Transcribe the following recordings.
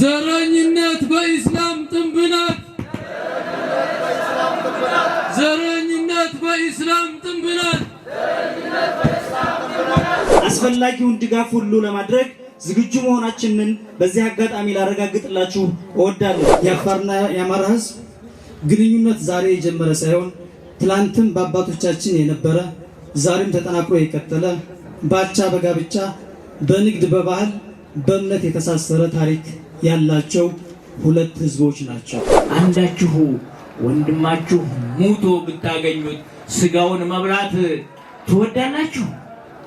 ዘረኝነት በኢስላም ጥንብ ናት። ዘረኝነት በኢስላም ጥንብ ናት። አስፈላጊውን ድጋፍ ሁሉ ለማድረግ ዝግጁ መሆናችንን በዚህ አጋጣሚ ላረጋግጥላችሁ እወዳለሁ። የአፋርና የአማራ ሕዝብ ግንኙነት ዛሬ የጀመረ ሳይሆን ትላንትም በአባቶቻችን የነበረ ዛሬም ተጠናክሮ የቀጠለ ባቻ በጋብቻ በንግድ በባህል በእምነት የተሳሰረ ታሪክ ያላቸው ሁለት ህዝቦች ናቸው። አንዳችሁ ወንድማችሁ ሙቶ ብታገኙት ስጋውን መብላት ትወዳላችሁ?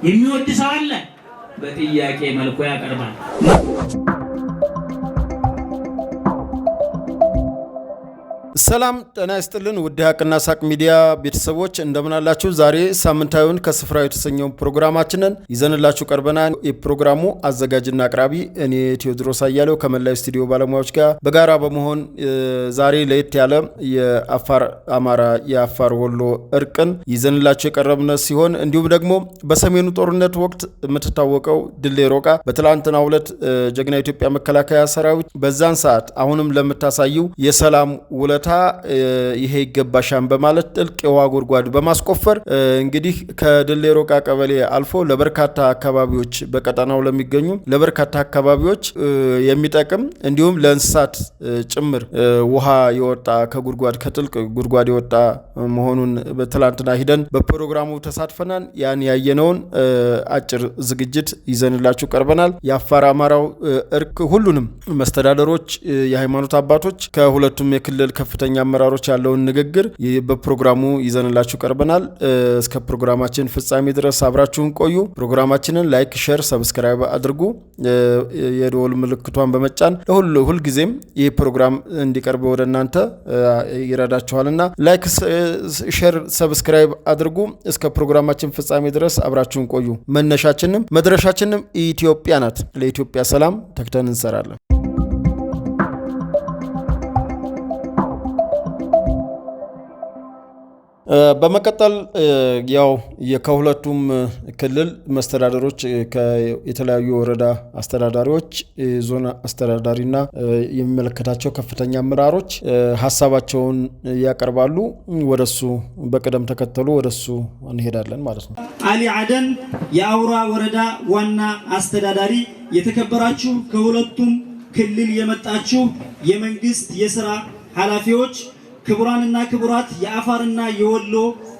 የሚወድ ሰው አለ? በጥያቄ መልኩ ያቀርባል። ሰላም ጤና ይስጥልን ውድ ሀቅና ሳቅ ሚዲያ ቤተሰቦች እንደምናላችሁ። ዛሬ ሳምንታዊውን ከስፍራው የተሰኘውን ፕሮግራማችንን ይዘንላችሁ ቀርበናል። የፕሮግራሙ አዘጋጅና አቅራቢ እኔ ቴዎድሮስ አያሌው ከመላዊ ስቱዲዮ ባለሙያዎች ጋር በጋራ በመሆን ዛሬ ለየት ያለ የአፋር አማራ፣ የአፋር ወሎ እርቅን ይዘንላችሁ የቀረብነ ሲሆን እንዲሁም ደግሞ በሰሜኑ ጦርነት ወቅት የምትታወቀው ድሌ ሮቃ በትላንትናው ዕለት ጀግና ኢትዮጵያ መከላከያ ሰራዊት በዛን ሰዓት አሁንም ለምታሳየው የሰላም ውለት ቀጥታ ይሄ ይገባሻን በማለት ጥልቅ የውሃ ጉድጓድ በማስቆፈር እንግዲህ ከድሌ ሮቃ ቀበሌ አልፎ ለበርካታ አካባቢዎች በቀጠናው ለሚገኙ ለበርካታ አካባቢዎች የሚጠቅም እንዲሁም ለእንስሳት ጭምር ውሃ የወጣ ከጉድጓድ ከጥልቅ ጉድጓድ የወጣ መሆኑን በትላንትና ሂደን በፕሮግራሙ ተሳትፈናል። ያን ያየነውን አጭር ዝግጅት ይዘንላችሁ ቀርበናል። የአፋር አማራው እርክ ሁሉንም መስተዳደሮች፣ የሃይማኖት አባቶች ከሁለቱም የክልል ከፍ ከፍተኛ አመራሮች ያለውን ንግግር በፕሮግራሙ ይዘንላችሁ ቀርበናል። እስከ ፕሮግራማችን ፍጻሜ ድረስ አብራችሁን ቆዩ። ፕሮግራማችንን ላይክ፣ ሼር፣ ሰብስክራይብ አድርጉ። የደወል ምልክቷን በመጫን ለሁሉ ሁልጊዜም ይህ ፕሮግራም እንዲቀርብ ወደ እናንተ ይረዳችኋልና ላይክ፣ ሼር፣ ሰብስክራይብ አድርጉ። እስከ ፕሮግራማችን ፍጻሜ ድረስ አብራችሁን ቆዩ። መነሻችንም መድረሻችንም ኢትዮጵያ ናት። ለኢትዮጵያ ሰላም ተግተን እንሰራለን። በመቀጠል ያው ከሁለቱም ክልል መስተዳደሮች የተለያዩ ወረዳ አስተዳዳሪዎች፣ ዞን አስተዳዳሪና የሚመለከታቸው ከፍተኛ አመራሮች ሀሳባቸውን ያቀርባሉ። ወደሱ በቅደም ተከተሉ ወደሱ እንሄዳለን ማለት ነው። አሊ አደን የአውራ ወረዳ ዋና አስተዳዳሪ፣ የተከበራችሁ ከሁለቱም ክልል የመጣችሁ የመንግስት የስራ ኃላፊዎች ክቡራንና ክቡራት የአፋርና የወሎ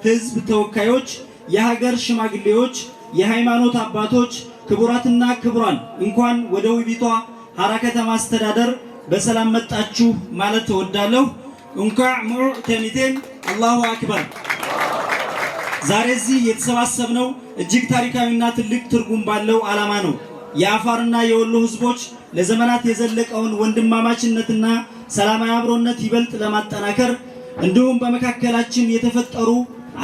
ሕዝብ ተወካዮች፣ የሀገር ሽማግሌዎች፣ የሃይማኖት አባቶች፣ ክቡራትና ክቡራን እንኳን ወደ ውቢቷ ሀራ ከተማ አስተዳደር በሰላም መጣችሁ ማለት ተወዳለሁ። እንኳ ሙዑ ተኒቴን አላሁ አክበር። ዛሬ እዚህ የተሰባሰብነው እጅግ ታሪካዊና ትልቅ ትርጉም ባለው ዓላማ ነው። የአፋርና የወሎ ሕዝቦች ለዘመናት የዘለቀውን ወንድማማችነትና ሰላማዊ አብሮነት ይበልጥ ለማጠናከር እንዲሁም በመካከላችን የተፈጠሩ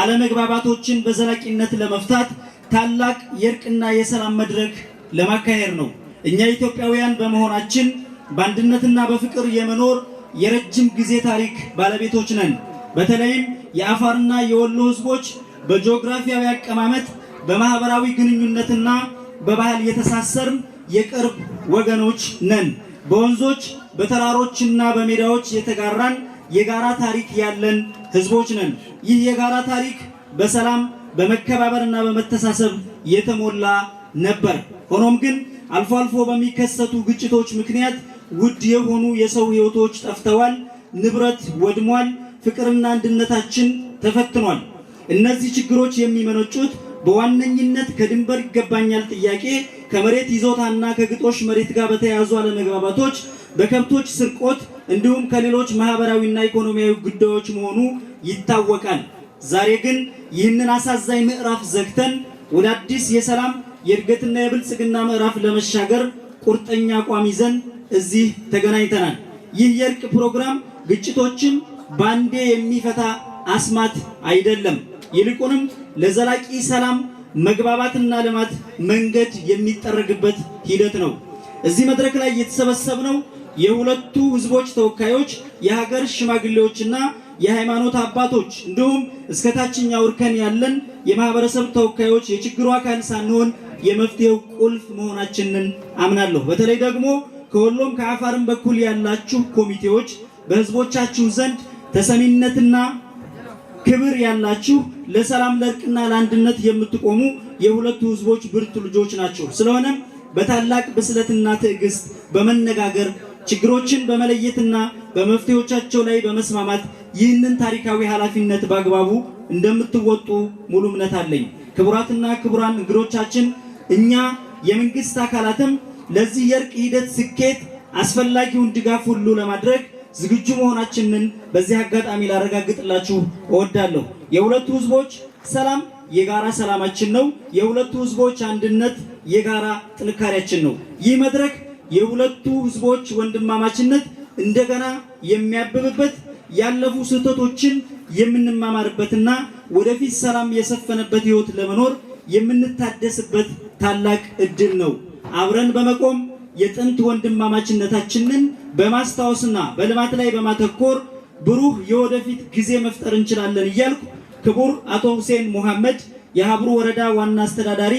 አለመግባባቶችን በዘላቂነት ለመፍታት ታላቅ የእርቅና የሰላም መድረክ ለማካሄድ ነው። እኛ ኢትዮጵያውያን በመሆናችን በአንድነትና በፍቅር የመኖር የረጅም ጊዜ ታሪክ ባለቤቶች ነን። በተለይም የአፋርና የወሎ ሕዝቦች በጂኦግራፊያዊ አቀማመጥ፣ በማህበራዊ ግንኙነትና በባህል የተሳሰርን የቅርብ ወገኖች ነን። በወንዞች በተራሮችና በሜዳዎች የተጋራን የጋራ ታሪክ ያለን ህዝቦች ነን። ይህ የጋራ ታሪክ በሰላም በመከባበርና በመተሳሰብ የተሞላ ነበር። ሆኖም ግን አልፎ አልፎ በሚከሰቱ ግጭቶች ምክንያት ውድ የሆኑ የሰው ህይወቶች ጠፍተዋል፣ ንብረት ወድሟል፣ ፍቅርና አንድነታችን ተፈትኗል። እነዚህ ችግሮች የሚመነጩት በዋነኝነት ከድንበር ይገባኛል ጥያቄ፣ ከመሬት ይዞታና ከግጦሽ መሬት ጋር በተያያዙ አለመግባባቶች በከብቶች ስርቆት እንዲሁም ከሌሎች ማህበራዊና ኢኮኖሚያዊ ጉዳዮች መሆኑ ይታወቃል። ዛሬ ግን ይህንን አሳዛኝ ምዕራፍ ዘግተን ወደ አዲስ የሰላም የእድገትና የብልጽግና ምዕራፍ ለመሻገር ቁርጠኛ አቋም ይዘን እዚህ ተገናኝተናል። ይህ የእርቅ ፕሮግራም ግጭቶችን ባንዴ የሚፈታ አስማት አይደለም። ይልቁንም ለዘላቂ ሰላም መግባባትና ልማት መንገድ የሚጠረግበት ሂደት ነው። እዚህ መድረክ ላይ የተሰበሰብነው የሁለቱ ህዝቦች ተወካዮች፣ የሀገር ሽማግሌዎችና የሃይማኖት አባቶች እንዲሁም እስከ ታችኛው እርከን ያለን የማህበረሰብ ተወካዮች የችግሩ አካል ሳንሆን የመፍትሄው ቁልፍ መሆናችንን አምናለሁ። በተለይ ደግሞ ከወሎም ከአፋርም በኩል ያላችሁ ኮሚቴዎች በህዝቦቻችሁ ዘንድ ተሰሚነትና ክብር ያላችሁ ለሰላም ለእርቅና ለአንድነት የምትቆሙ የሁለቱ ህዝቦች ብርቱ ልጆች ናቸው። ስለሆነም በታላቅ ብስለትና ትዕግስት በመነጋገር ችግሮችን በመለየትና በመፍትሄዎቻቸው ላይ በመስማማት ይህንን ታሪካዊ ኃላፊነት በአግባቡ እንደምትወጡ ሙሉ እምነት አለኝ። ክቡራትና ክቡራን እንግዶቻችን፣ እኛ የመንግስት አካላትም ለዚህ የእርቅ ሂደት ስኬት አስፈላጊውን ድጋፍ ሁሉ ለማድረግ ዝግጁ መሆናችንን በዚህ አጋጣሚ ላረጋግጥላችሁ እወዳለሁ። የሁለቱ ህዝቦች ሰላም የጋራ ሰላማችን ነው። የሁለቱ ህዝቦች አንድነት የጋራ ጥንካሬያችን ነው። ይህ መድረክ የሁለቱ ህዝቦች ወንድማማችነት እንደገና የሚያብብበት ያለፉ ስህተቶችን የምንማማርበትና ወደፊት ሰላም የሰፈነበት ህይወት ለመኖር የምንታደስበት ታላቅ እድል ነው። አብረን በመቆም የጥንት ወንድማማችነታችንን በማስታወስና በልማት ላይ በማተኮር ብሩህ የወደፊት ጊዜ መፍጠር እንችላለን እያልኩ ክቡር አቶ ሁሴን ሙሐመድ የሀብሩ ወረዳ ዋና አስተዳዳሪ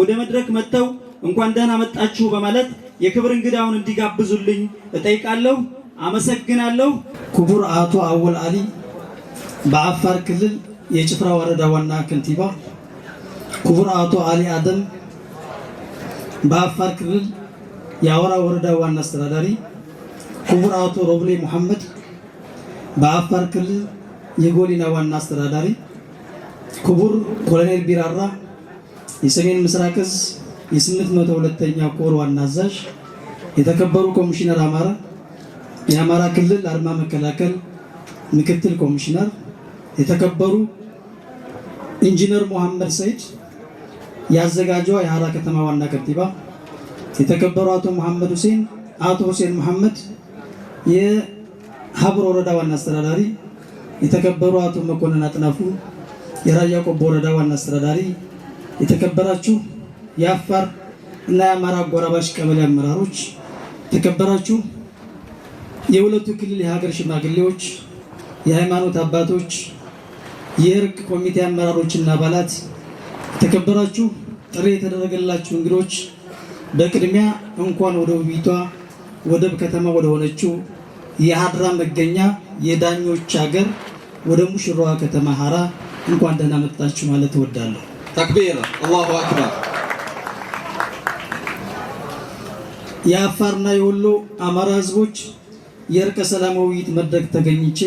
ወደ መድረክ መጥተው እንኳን ደህና መጣችሁ በማለት የክብር እንግዳውን እንዲጋብዙልኝ እጠይቃለሁ። አመሰግናለሁ። ክቡር አቶ አወል አሊ በአፋር ክልል የጭፍራ ወረዳ ዋና ከንቲባ፣ ክቡር አቶ አሊ አደም በአፋር ክልል የአወራ ወረዳ ዋና አስተዳዳሪ፣ ክቡር አቶ ሮብሌ መሐመድ በአፋር ክልል የጎሊና ዋና አስተዳዳሪ፣ ክቡር ኮሎኔል ቢራራ የሰሜን ምስራቅ እዝ የስምንት መቶ ሁለተኛ ኮር ዋና አዛዥ፣ የተከበሩ ኮሚሽነር አማራ፣ የአማራ ክልል አርማ መከላከል ምክትል ኮሚሽነር፣ የተከበሩ ኢንጂነር መሐመድ ሰይድ ያዘጋጇ የሀራ ከተማ ዋና ከንቲባ፣ የተከበሩ አቶ መሐመድ ሁሴን አቶ ሁሴን መሐመድ የሀብር ወረዳ ዋና አስተዳዳሪ፣ የተከበሩ አቶ መኮንን አጥናፉ የራያ ቆቦ ወረዳ ዋና አስተዳዳሪ፣ የተከበራችሁ የአፋር እና የአማራ አጎራባች ቀበሌ አመራሮች፣ ተከበራችሁ የሁለቱ ክልል የሀገር ሽማግሌዎች፣ የሃይማኖት አባቶች፣ የእርቅ ኮሚቴ አመራሮችና አባላት፣ ተከበራችሁ ጥሪ የተደረገላችሁ እንግዶች፣ በቅድሚያ እንኳን ወደ ውቢቷ ወደብ ከተማ ወደ ሆነችው የሀድራ መገኛ የዳኞች ሀገር ወደ ሙሽራዋ ከተማ ሀራ እንኳን ደህና መጣችሁ ማለት እወዳለሁ። ተክቢር፣ አላሁ አክበር። የአፋርና የወሎ አማራ ህዝቦች የእርቀ ሰላም ውይይት መድረክ ተገኝቼ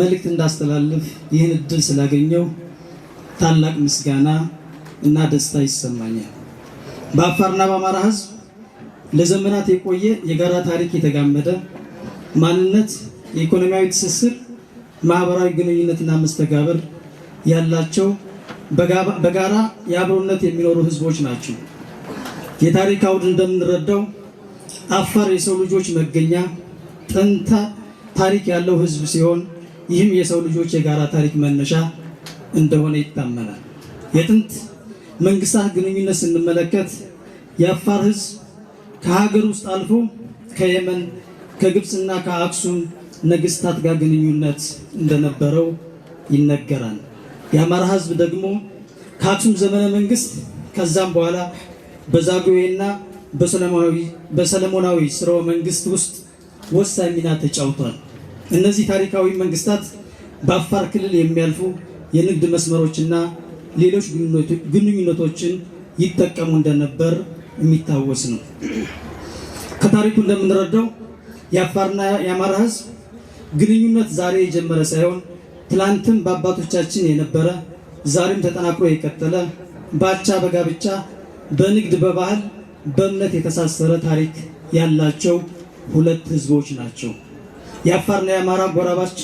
መልእክት እንዳስተላልፍ ይህን እድል ስላገኘው ታላቅ ምስጋና እና ደስታ ይሰማኛል። በአፋርና በአማራ ህዝብ ለዘመናት የቆየ የጋራ ታሪክ የተጋመደ ማንነት፣ የኢኮኖሚያዊ ትስስር፣ ማህበራዊ ግንኙነትና መስተጋብር ያላቸው በጋራ የአብሮነት የሚኖሩ ህዝቦች ናቸው። የታሪክ አውድ እንደምንረዳው አፋር የሰው ልጆች መገኛ ጥንተ ታሪክ ያለው ህዝብ ሲሆን ይህም የሰው ልጆች የጋራ ታሪክ መነሻ እንደሆነ ይታመናል። የጥንት መንግስታት ግንኙነት ስንመለከት የአፋር ህዝብ ከሀገር ውስጥ አልፎ ከየመን ከግብፅና ከአክሱም ነገስታት ጋር ግንኙነት እንደነበረው ይነገራል። የአማራ ህዝብ ደግሞ ከአክሱም ዘመነ መንግስት ከዛም በኋላ በዛጉዌና በሰለሞናዊ ስርወ መንግስት ውስጥ ወሳኝ ሚና ተጫውቷል። እነዚህ ታሪካዊ መንግስታት በአፋር ክልል የሚያልፉ የንግድ መስመሮችና ሌሎች ግንኙነቶችን ይጠቀሙ እንደነበር የሚታወስ ነው። ከታሪኩ እንደምንረዳው የአፋርና የአማራ ህዝብ ግንኙነት ዛሬ የጀመረ ሳይሆን ትላንትም በአባቶቻችን የነበረ ዛሬም ተጠናክሮ የቀጠለ በአቻ በጋብቻ በንግድ በባህል በእምነት የተሳሰረ ታሪክ ያላቸው ሁለት ህዝቦች ናቸው። የአፋርና የአማራ ጎራባች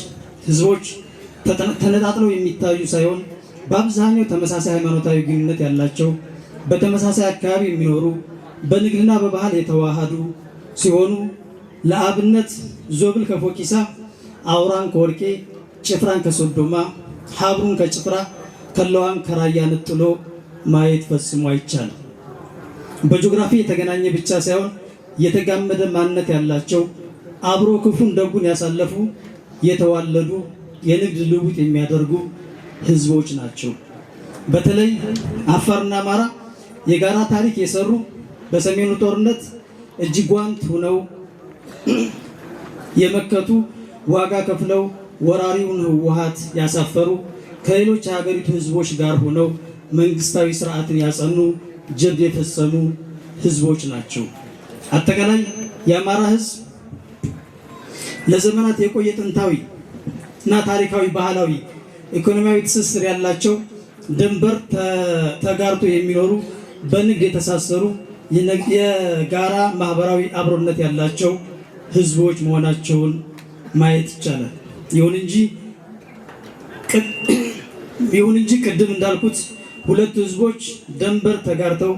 ህዝቦች ተነጣጥለው የሚታዩ ሳይሆን በአብዛኛው ተመሳሳይ ሃይማኖታዊ ግንኙነት ያላቸው በተመሳሳይ አካባቢ የሚኖሩ በንግድና በባህል የተዋሃዱ ሲሆኑ ለአብነት ዞብል ከፎኪሳ፣ አውራን ከወርቄ፣ ጭፍራን ከሶዶማ፣ ሀብሩን ከጭፍራ፣ ከለዋን ከራያ ነጥሎ ማየት ፈጽሞ አይቻልም። በጂኦግራፊ የተገናኘ ብቻ ሳይሆን የተጋመደ ማንነት ያላቸው አብሮ ክፉን ደጉን ያሳለፉ የተዋለዱ የንግድ ልውውጥ የሚያደርጉ ህዝቦች ናቸው። በተለይ አፋርና አማራ የጋራ ታሪክ የሰሩ በሰሜኑ ጦርነት እጅግ ጓንት ሆነው የመከቱ ዋጋ ከፍለው ወራሪውን ህወሓት ያሳፈሩ ከሌሎች የሀገሪቱ ህዝቦች ጋር ሆነው መንግስታዊ ስርዓትን ያጸኑ ጀብድ የፈጸሙ ህዝቦች ናቸው። አጠቃላይ የአማራ ህዝብ ለዘመናት የቆየ ጥንታዊ እና ታሪካዊ፣ ባህላዊ፣ ኢኮኖሚያዊ ትስስር ያላቸው ድንበር ተጋርቶ የሚኖሩ በንግድ የተሳሰሩ የጋራ ማህበራዊ አብሮነት ያላቸው ህዝቦች መሆናቸውን ማየት ይቻላል። ይሁን እንጂ ቅድም እንዳልኩት ሁለት ህዝቦች ደንበር ተጋርተው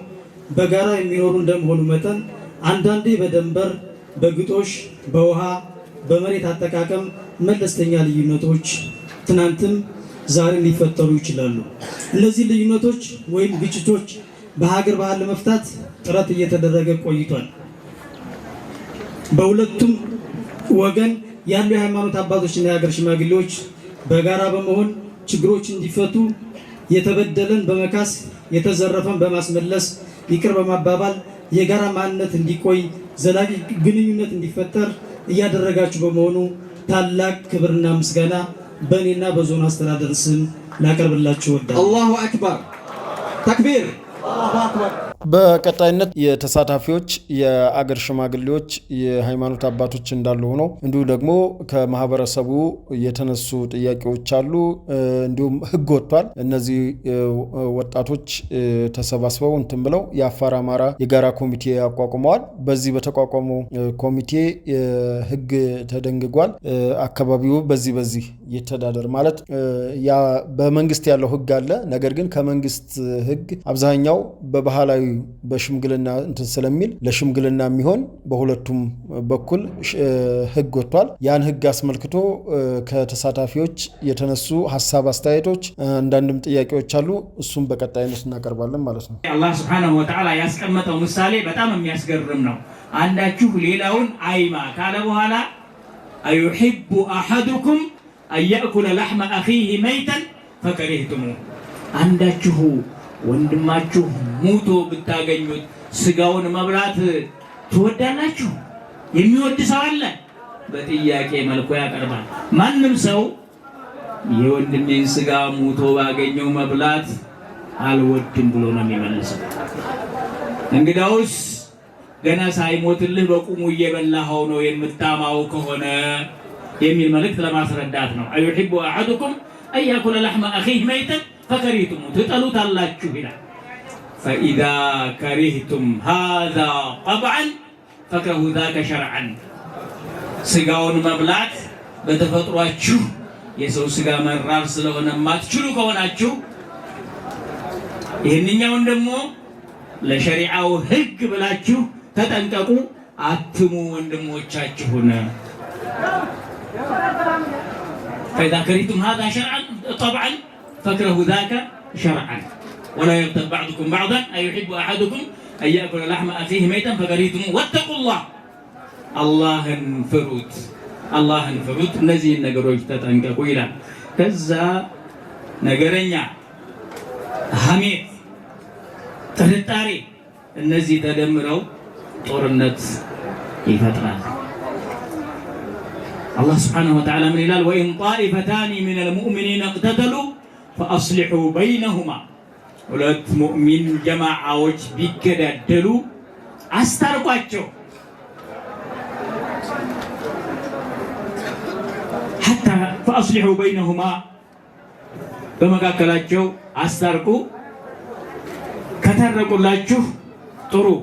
በጋራ የሚኖሩ እንደመሆኑ መጠን አንዳንዴ በደንበር፣ በግጦሽ፣ በውሃ፣ በመሬት አጠቃቀም መለስተኛ ልዩነቶች ትናንትም ዛሬም ሊፈጠሩ ይችላሉ። እነዚህ ልዩነቶች ወይም ግጭቶች በሀገር ባህል ለመፍታት ጥረት እየተደረገ ቆይቷል። በሁለቱም ወገን ያሉ የሃይማኖት አባቶችና የሀገር ሽማግሌዎች በጋራ በመሆን ችግሮች እንዲፈቱ የተበደለን በመካስ የተዘረፈን በማስመለስ ይቅር በማባባል የጋራ ማንነት እንዲቆይ ዘላቂ ግንኙነት እንዲፈጠር እያደረጋችሁ በመሆኑ ታላቅ ክብርና ምስጋና በእኔና በዞን አስተዳደር ስም ላቀርብላችሁ ወዳለሁ። አላሁ አክበር ተክቢር በቀጣይነት የተሳታፊዎች የአገር ሽማግሌዎች፣ የሃይማኖት አባቶች እንዳሉ ሆኖ እንዲሁም ደግሞ ከማህበረሰቡ የተነሱ ጥያቄዎች አሉ። እንዲሁም ህግ ወጥቷል። እነዚህ ወጣቶች ተሰባስበው እንትን ብለው የአፋር አማራ የጋራ ኮሚቴ አቋቁመዋል። በዚህ በተቋቋመው ኮሚቴ ህግ ተደንግጓል። አካባቢው በዚህ በዚህ ይተዳደር ማለት በመንግስት ያለው ህግ አለ። ነገር ግን ከመንግስት ህግ አብዛኛው በባህላዊ በሽምግልና እንትን ስለሚል ለሽምግልና የሚሆን በሁለቱም በኩል ህግ ወጥቷል። ያን ህግ አስመልክቶ ከተሳታፊዎች የተነሱ ሀሳብ፣ አስተያየቶች፣ አንዳንድም ጥያቄዎች አሉ። እሱም በቀጣይነት እናቀርባለን ማለት ነው። አላህ ስብሐነሁ ወተዓላ ያስቀመጠው ምሳሌ በጣም የሚያስገርም ነው። አንዳችሁ ሌላውን አይማ ካለ በኋላ አዩሒቡ አሐዱኩም አንያእኩለ ያእኩለ ለሕመ አኺህ መይተን ፈከሪህቱሙ አንዳችሁ ወንድማችሁ ሙቶ ብታገኙት ስጋውን መብላት ትወዳላችሁ? የሚወድ ሰው አለ? በጥያቄ መልኩ ያቀርባል። ማንም ሰው የወንድሜን ስጋ ሙቶ ባገኘው መብላት አልወድም ብሎ ነው የሚመልሰው። እንግዳውስ ገና ሳይሞትልህ በቁሙ እየበላኸው ነው የምታማው ከሆነ የሚል መልእክት ለማስረዳት ነው። አዩሕቡ አሐዱኩም አያኩለ ለሕመ አኺህ መይተን ፈከሪህቱሙ ትጠሉታላችሁ ይላል። ፈኢዛ ከሪህቱም ሃዛ ጠብዐን ፈከሁ ዛከ ሸርዐን። ስጋውን መብላት በተፈጥሯችሁ የሰው ስጋ መራር ስለሆነ ማትችሉ ከሆናችሁ ይህንኛውን ደግሞ ለሸሪዓው ህግ ብላችሁ ተጠንቀቁ፣ አትሙ ወንድሞቻችሁን። ፈኢዛ ከሪህቱም ሃዛ ሸርዐን ጠብዐን فكره ذاك شرعا ولا يغتب بعضكم بعضا ايحب احدكم ان ياكل لحم اخيه ميتا فكرهتم واتقوا الله الله انفرود الله انفرود نزي نقروش تتنكا قويلا كزا نقرنيا حميد ترتاري النزي تدمروا طرنت يفترى الله سبحانه وتعالى من الهلال وان طائفتان من المؤمنين اقتتلوا فأصلحوا بينهما ولد مؤمن جماعة وش بكدا دلو أستر باتشو حتى فأصلحوا بينهما بمكا كلاتشو أستركو كتركو لاتشو ترو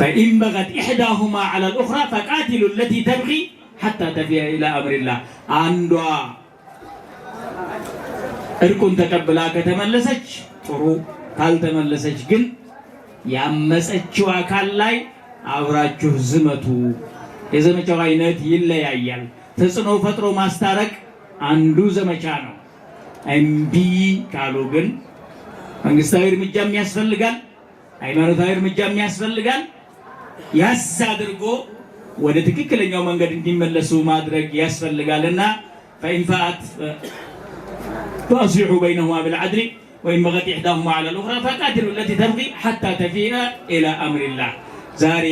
فإن بغت إحداهما على الأخرى فقاتلوا التي تبغي حتى تفيها إلى أمر الله أندوا እርቁን ተቀብላ ከተመለሰች ጥሩ፣ ካልተመለሰች ግን ያመፀችው አካል ላይ አብራችሁ ዝመቱ። የዘመቻው አይነት ይለያያል። ተጽዕኖ ፈጥሮ ማስታረቅ አንዱ ዘመቻ ነው። እምቢ ካሉ ግን መንግስታዊ እርምጃም ያስፈልጋል፣ ሃይማኖታዊ እርምጃም ያስፈልጋል። ያስ አድርጎ ወደ ትክክለኛው መንገድ እንዲመለሱ ማድረግ ያስፈልጋል እና ፈኢንፋት فأصلحوا بينهما بالعدل ወይም በቀት ኢሕዳሁማ ዐለል ኡኽራ ፈቃትሉ ለቲ ተብቂ ሓታ ተፊአ ኢላ አምሪላህ። ዛሬ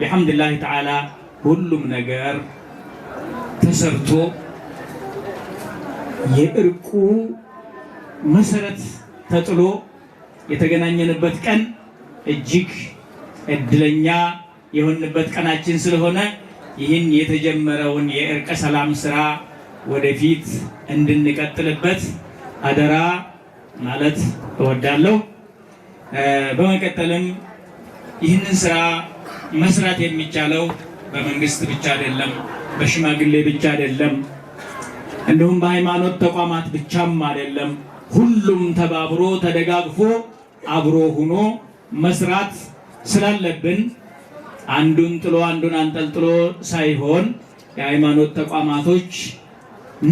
ቢሐምድላህ ተዓላ ሁሉም ነገር ተሰርቶ የእርቁ መሰረት ተጥሎ የተገናኘንበት ቀን እጅግ እድለኛ የሆንበት ቀናችን ስለሆነ ይህን የተጀመረውን የእርቀ ሰላም ስራ ወደፊት እንድንቀጥልበት አደራ ማለት እወዳለሁ። በመቀጠልም ይህንን ስራ መስራት የሚቻለው በመንግስት ብቻ አይደለም፣ በሽማግሌ ብቻ አይደለም፣ እንዲሁም በሃይማኖት ተቋማት ብቻም አይደለም። ሁሉም ተባብሮ ተደጋግፎ አብሮ ሆኖ መስራት ስላለብን አንዱን ጥሎ አንዱን አንጠልጥሎ ሳይሆን የሃይማኖት ተቋማቶች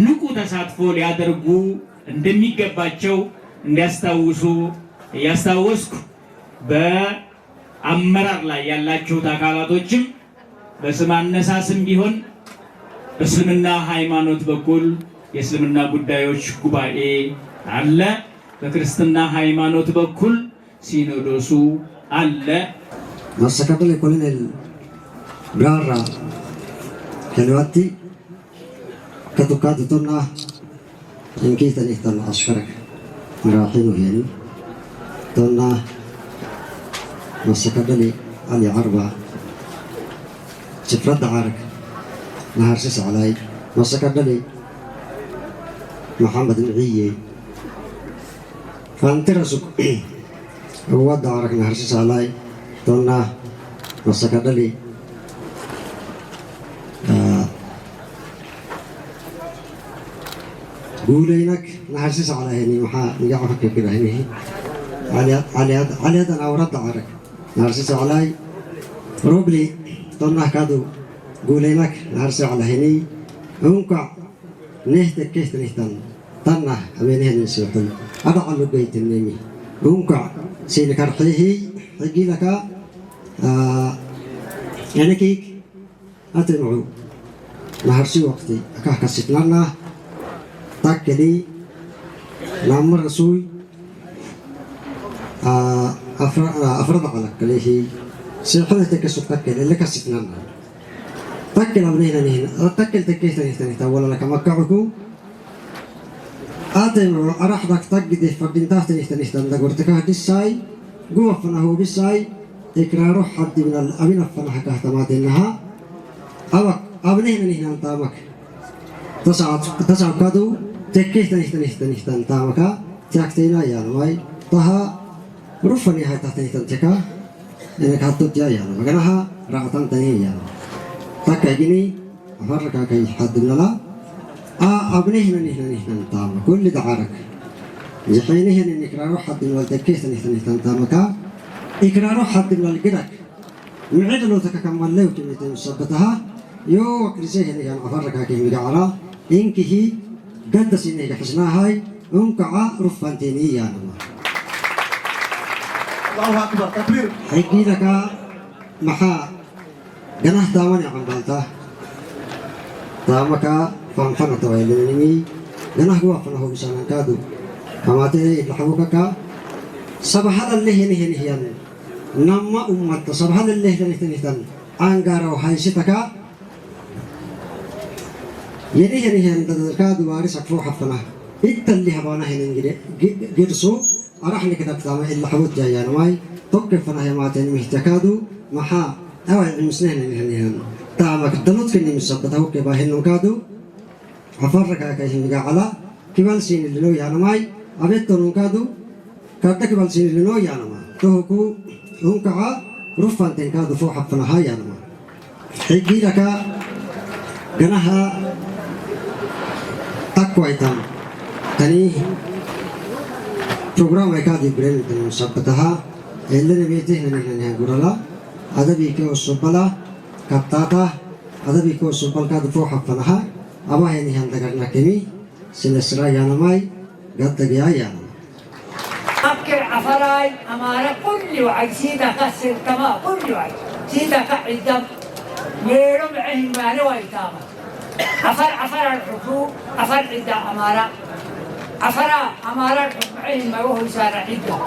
ንቁ ተሳትፎ ሊያደርጉ እንደሚገባቸው እንዲያስታውሱ እያስታወስኩ በአመራር ላይ ያላችሁት አካላቶችም በስም አነሳስም ቢሆን በእስልምና ሃይማኖት በኩል የእስልምና ጉዳዮች ጉባኤ አለ። በክርስትና ሃይማኖት በኩል ሲኖዶሱ አለ። ማሰካቶ የኮሎኔል ጋራ ሄልዋቲ ketukat yang katukadutullah inki tanih tan ashkar merahimu hil ya. tanah masakadali ali ya arba cifrad arak naharsis alay masakadali محمد العيي فانترسك هو دارك نهرسس علي دونه مسكدلي guulaynag naxariis caleyhin maxaa magaca ka kibirahay caliyad caliyadan awrada arag naxariis calay rubli donnah kadu guulaynag naxariis caleyhini unka nehta kehtanihtan tannah habeenehdin socdan adaca lugaytinimi unka siinikarxiihi xigilaka enakig atimcu naxarsi waqti akah kasitnanah تاكدي لما رسوي أفرض على كليه سيحدة تكسب تاكد اللي كسفنا تاكد أبنينا نهنا تاكد تكيسنا نهنا نهنا ولا لك مكعكو آتين أرحدك تاكد فبنتاحت نهنا نهنا نهنا ديساي قوة فنهو بيساي إكرار حد من الأمين فنها كهتمات إنها أبك أبنينا نهنا نتامك تسعة تسعة كادو cekistan istan işten işten tamaka cak sena yanwai taha rufani hai tahta işten ceka ini katut ya ya makanya ha rakatan tani ya tak kayak gini amar kakai hadunala a abne hina hina hina tam kulli ta'arak yahine hina ikraru hadun wal cekistan işten istan tamaka ikraru hadun wal gidak نعيد لو تكمل لو تبي تثبتها يو كريسيه اللي كان أفرقها كي مقعرة إنك هي gadda sini ga xishnahay unkaca rufantiniyan xigiidaka maxaa ganah tawan taamani cambalta taamaka dengan ini ganah gua Kamate kuwa sabahal amatee laxabukaka sabahada lehinihinihiyan nama umat ummata sabahada anggarau angaraw haysitaka ನೆರೆಹೆರಿಗೆ ಅಂತದಕಾದುವಾರಿ ಸಕ್ಫು ಹಫನಹ ಇತ್ತಲ್ಲಿ ಹವಾನ ಹೆನಂಗಿರೆ ಗಿರ್ಸು ಅರಹನಿಕ ತಕ್ತಾಮ ಇಲ್ಲ ಹವತ್ ಜಾಯಾನವಾಯ್ ತೊಕ್ಕೆ ಫನಹ ಮಾತೇನು ಮಿಹ್ತಕಾದು ಮಹಾ ಅವ ಮಿಸ್ನೇಹನ ಹೆನಿಹನ ತಾಮಕ ತಲುತ್ ಕನ್ನಿ ಮಿಸಬ್ಬತ ಹೋಕೆ ಬಾಹೆನ್ನು ಕಾದು ಅಫರ್ರಕ ಕಹಿಂಗ ಅಲ ಕಿವಲ್ ಸೀನಿಲ್ಲೋ ಯಾನಮಾಯ್ ಅವೆತ್ತನು ಕಾದು ಕಟ್ಟಕ್ಕೆ ಬಲ್ ಸೀನಿಲ್ಲೋ ಯಾನಮ ತೋಕು ಹುಂಕಾ ruffan tenka dufu hafnaha yanma higiraka ganaha தக்குவாய் தான் يعني بروجرام ركاد يبرل بالمسابقة اللي بيته هنا هنا غورلا هذا بيكو سبلا كتاتا هذا بيكو سبل كاد فوق حفلها أما هني هند كنا كني سلسلة يانماي قد جاء يانم أبكر أفراي أمارة كل وعي سيدا كسر تما كل وعي سيدا كعدم ميرم عين مالي ويتامه عفر عفر الحكومة عفر عدة أمارة عفر أمارة عين ما هو سارة عدة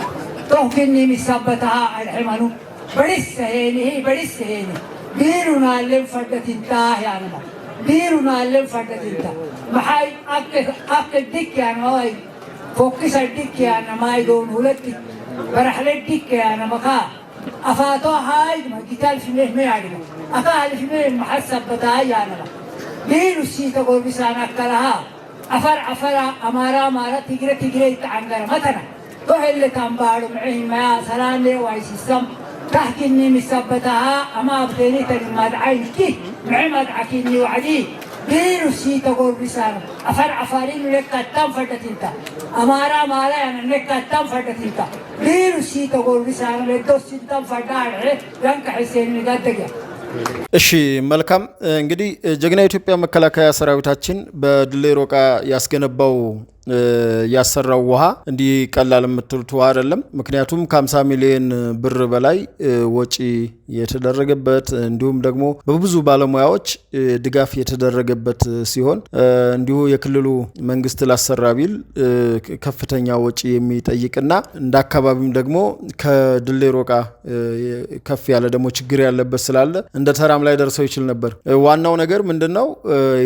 تهكني مثبتها الحمانو بريس سہینی هي بريس سہینی دیر نالم فردت انتاہ يا نما دیر نالم فردت انتاہ محائی آپ کے آپ کے دک یا نمائی فوکس دک یا دون ہولت برحلة دك يا أنا أفاتو هاي ما كتال في مين ما يعرفه أفا في مين محسب بتاعي أنا ليه نسي تقول بسانك كلاها أفر أفر أمارا مارا تجري تجري تانجر ما ترى كل اللي كان بارو معي ما سلام لي واي سسم تحكيني مسابتها أما أبتني تري ما تعيش كي معي ما تحكيني وعدي ليه نسي تقول بسان أفر أفرين لك كتم فرتين مارا أنا لك كتم فرتين تا ليه نسي تقول بسان لك دوسين تام فرتين لانك حسيني قد እሺ መልካም እንግዲህ ጀግና የኢትዮጵያ መከላከያ ሰራዊታችን በድሌ ሮቃ ያስገነባው ያሰራው ውሃ እንዲህ ቀላል የምትሉት ውሃ አይደለም። ምክንያቱም ከ50 ሚሊዮን ብር በላይ ወጪ የተደረገበት እንዲሁም ደግሞ በብዙ ባለሙያዎች ድጋፍ የተደረገበት ሲሆን እንዲሁ የክልሉ መንግስት ላሰራ ቢል ከፍተኛ ወጪ የሚጠይቅና እንደ አካባቢም ደግሞ ከድሌ ሮቃ ከፍ ያለ ደግሞ ችግር ያለበት ስላለ እንደ ተራም ላይ ደርሰው ይችል ነበር። ዋናው ነገር ምንድን ነው?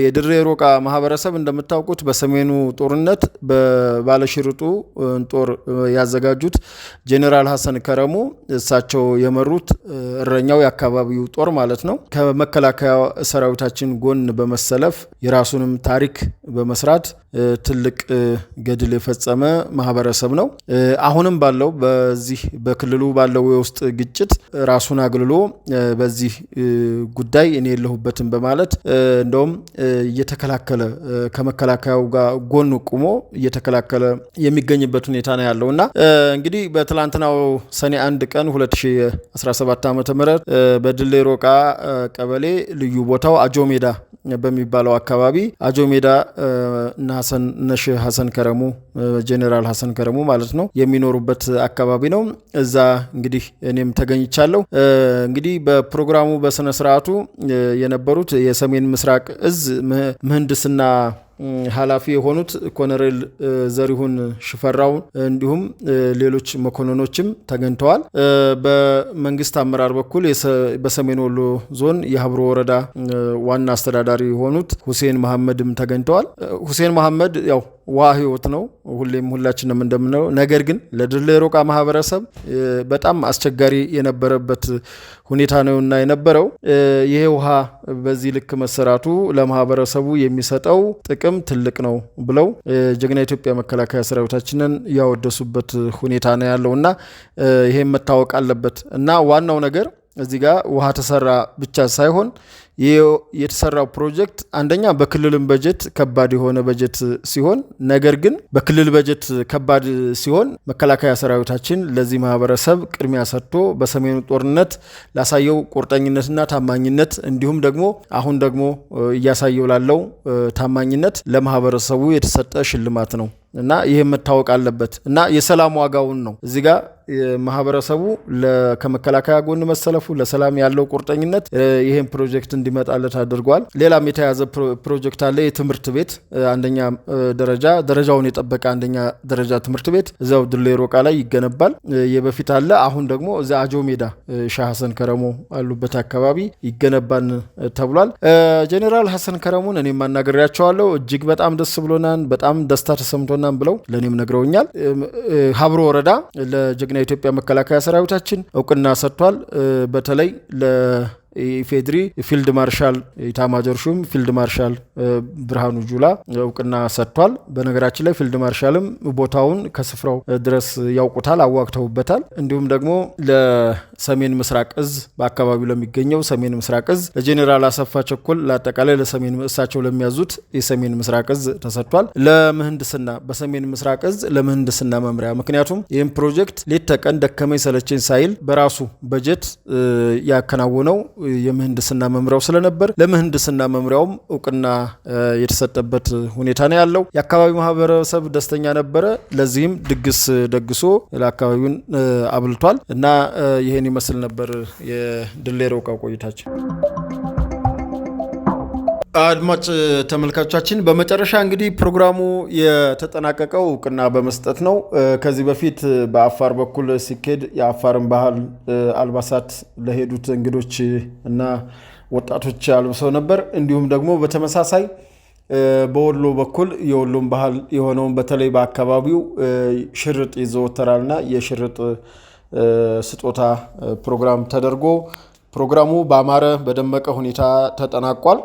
የድሬ ሮቃ ማህበረሰብ እንደምታውቁት በሰሜኑ ጦርነት በባለሽርጡ ጦር ያዘጋጁት ጄኔራል ሀሰን ከረሙ እሳቸው የመሩት እረኛው የአካባቢው ጦር ማለት ነው ከመከላከያ ሰራዊታችን ጎን በመሰለፍ የራሱንም ታሪክ በመስራት ትልቅ ገድል የፈጸመ ማህበረሰብ ነው። አሁንም ባለው በዚህ በክልሉ ባለው የውስጥ ግጭት ራሱን አግልሎ በዚህ ጉዳይ እኔ የለሁበትም በማለት እንደውም እየተከላከለ ከመከላከያው ጋር ጎን ቁሞ እየተከላከለ የሚገኝበት ሁኔታ ነው ያለው እና እንግዲህ በትላንትናው ሰኔ አንድ ቀን 2017 ዓ ም በድሌ ሮቃ ቀበሌ ልዩ ቦታው አጆ ሜዳ በሚባለው አካባቢ አጆ ሜዳ እና ሀሰን ነሽ ሀሰን ከረሙ ጄኔራል ሀሰን ከረሙ ማለት ነው የሚኖሩበት አካባቢ ነው። እዛ እንግዲህ እኔም ተገኝቻለሁ። እንግዲህ በፕሮግራሙ በስነ ስርዓቱ የነበሩት የሰሜን ምስራቅ እዝ ምህንድስና ኃላፊ የሆኑት ኮሎኔል ዘሪሁን ሽፈራው እንዲሁም ሌሎች መኮንኖችም ተገኝተዋል። በመንግስት አመራር በኩል በሰሜን ወሎ ዞን የሀብሮ ወረዳ ዋና አስተዳዳሪ የሆኑት ሁሴን መሐመድም ተገኝተዋል። ሁሴን መሐመድ ያው ውሃ ህይወት ነው፣ ሁሌም ሁላችንም እንደምንለው። ነገር ግን ለድሬ ሮቃ ማህበረሰብ በጣም አስቸጋሪ የነበረበት ሁኔታ ነውና የነበረው ይሄ ውሃ በዚህ ልክ መሰራቱ ለማህበረሰቡ የሚሰጠው ጥቅም ትልቅ ነው ብለው ጀግና የኢትዮጵያ መከላከያ ሰራዊታችንን ያወደሱበት ሁኔታ ነው ያለው እና ይሄም መታወቅ አለበት እና ዋናው ነገር እዚህ ጋር ውሃ ተሰራ ብቻ ሳይሆን የተሰራው ፕሮጀክት አንደኛ በክልልም በጀት ከባድ የሆነ በጀት ሲሆን፣ ነገር ግን በክልል በጀት ከባድ ሲሆን መከላከያ ሰራዊታችን ለዚህ ማህበረሰብ ቅድሚያ ሰጥቶ በሰሜኑ ጦርነት ላሳየው ቁርጠኝነትና ታማኝነት እንዲሁም ደግሞ አሁን ደግሞ እያሳየው ላለው ታማኝነት ለማህበረሰቡ የተሰጠ ሽልማት ነው እና ይህ መታወቅ አለበት እና የሰላም ዋጋውን ነው እዚህ ጋር ማህበረሰቡ ከመከላከያ ጎን መሰለፉ ለሰላም ያለው ቁርጠኝነት ይህን ፕሮጀክት እንዲመጣለት አድርጓል። ሌላም የተያዘ ፕሮጀክት አለ። የትምህርት ቤት አንደኛ ደረጃ ደረጃውን የጠበቀ አንደኛ ደረጃ ትምህርት ቤት እዚያው ድሌ ሮቃ ላይ ይገነባል። የበፊት አለ። አሁን ደግሞ እዚ አጆ ሜዳ ሻ ሀሰን ከረሞ አሉበት አካባቢ ይገነባን ተብሏል። ጄኔራል ሀሰን ከረሙን እኔም አናግሬያቸዋለሁ። እጅግ በጣም ደስ ብሎናን፣ በጣም ደስታ ተሰምቶናን ብለው ለእኔም ነግረውኛል። ሀብሮ ወረዳ ለጀግ የኢትዮጵያ መከላከያ ሰራዊታችን እውቅና ሰጥቷል። በተለይ ኢፌድሪ ፊልድ ማርሻል ኢታማጆር ሹም ፊልድ ማርሻል ብርሃኑ ጁላ እውቅና ሰጥቷል። በነገራችን ላይ ፊልድ ማርሻልም ቦታውን ከስፍራው ድረስ ያውቁታል፣ አዋግተውበታል። እንዲሁም ደግሞ ለሰሜን ምስራቅ እዝ በአካባቢው ለሚገኘው ሰሜን ምስራቅ እዝ ለጄኔራል አሰፋ ቸኮል ለአጠቃላይ ለሰሜን እሳቸው ለሚያዙት የሰሜን ምስራቅ እዝ ተሰጥቷል። ለምህንድስና በሰሜን ምስራቅ እዝ ለምህንድስና መምሪያ ምክንያቱም ይህም ፕሮጀክት ሌት ተቀን ደከመኝ ሰለቸኝ ሳይል በራሱ በጀት ያከናወነው የምህንድስና መምሪያው ስለነበር ለምህንድስና መምሪያውም እውቅና የተሰጠበት ሁኔታ ነው ያለው። የአካባቢው ማህበረሰብ ደስተኛ ነበረ። ለዚህም ድግስ ደግሶ ለአካባቢውን አብልቷል እና ይህን ይመስል ነበር የድሬ ሮቃ ቆይታችን። አድማጭ ተመልካቾቻችን በመጨረሻ እንግዲህ ፕሮግራሙ የተጠናቀቀው እውቅና በመስጠት ነው። ከዚህ በፊት በአፋር በኩል ሲኬድ የአፋርን ባህል አልባሳት ለሄዱት እንግዶች እና ወጣቶች አልብሰው ነበር። እንዲሁም ደግሞ በተመሳሳይ በወሎ በኩል የወሎን ባህል የሆነውን በተለይ በአካባቢው ሽርጥ ይዘወተራልና የሽርጥ ስጦታ ፕሮግራም ተደርጎ ፕሮግራሙ በአማረ በደመቀ ሁኔታ ተጠናቋል።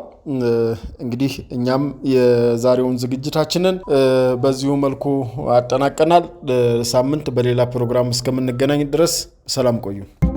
እንግዲህ እኛም የዛሬውን ዝግጅታችንን በዚሁ መልኩ አጠናቀናል። ሳምንት በሌላ ፕሮግራም እስከምንገናኝ ድረስ ሰላም ቆዩ።